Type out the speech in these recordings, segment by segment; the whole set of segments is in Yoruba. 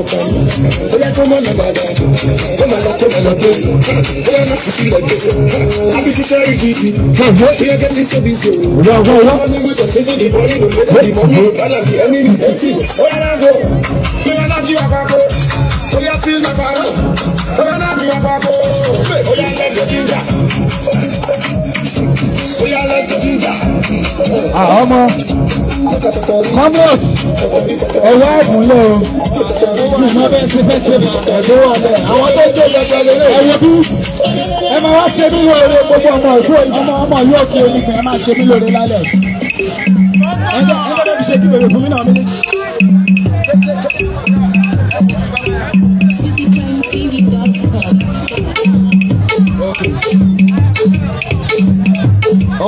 ọ̀rọ̀ kan ó yẹ kó mọ̀nà máa dà kó máa lọ kó máa lọ gbé ó yẹ láti fi lọ gbé àbí ti tẹ́rì gidi ó yẹ kẹ́ ti sóbi sí òun ọ̀rọ̀ ní mọ̀tò sísè ní bọ́lí ní mọ̀tò sí ìbọn mú bọ́lá ní ẹni ní ẹtì ó yẹ lágbo kí wọ́n lájú àpapọ̀ ó yẹ fi nàpá rò ó yẹ lájú àpapọ̀ ó yẹ lẹ́gbẹ̀ẹ́ jíjà ó yẹ lẹ́gbẹ̀ẹ́ jíjà comrade ẹ̀wọ́ àgùnlẹ̀ o ìmọ̀ bẹ́ẹ̀ ti fẹ́ ṣe ẹ̀dọ́ wà lẹ̀ àwọn tó jó gbẹgbẹ lélẹ̀ ẹ̀wọ́ bí ẹ máa wá ṣe mí lóore gbogbo ọmọ ìfọ ọmọ ọmọ ìlú òkè onígun ẹ máa ṣe mí lóore lálẹ́ ẹ̀dọ́ ẹ̀dọ́ bẹ́ẹ̀ fi ṣe kí bèbè fún mi náà mi ní. Okay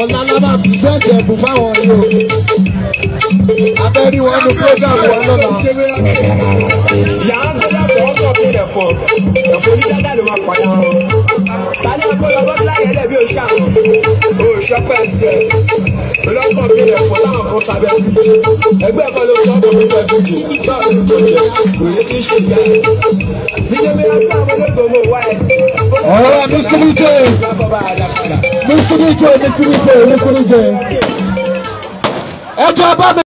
ọ̀la lábà pìrìsẹ́ǹtì ẹ̀bùn fáwọn yìí o abẹ́rí wọn ní program wọn lọ́la. yàrá lọ́dà fún ọkọ̀ mi ẹ̀fọ́ ẹ̀fọ́ ní dáadáa ló máa pàdé wọn. tani ọkọ lọ bọ́ sílá yẹn lẹ́bi oṣù àná oṣù ọpẹ tiẹ̀ lọ́kọ̀ mi ẹ̀fọ́ táwọn kan sábẹ́ bíjì ẹgbẹ́ kan ló sọ ọkọ̀ mi bẹ́ẹ̀ bíjì báwo ni kò jẹ́ òye ti ń ṣe ìyá rẹ̀. nígbà mi ọkọ̀ àwọn olóògbé owó wáyé t All right, Mr. DJ. Mr. DJ, Mr. DJ, Mr. DJ. Ẹ jọ̀ọ́ bá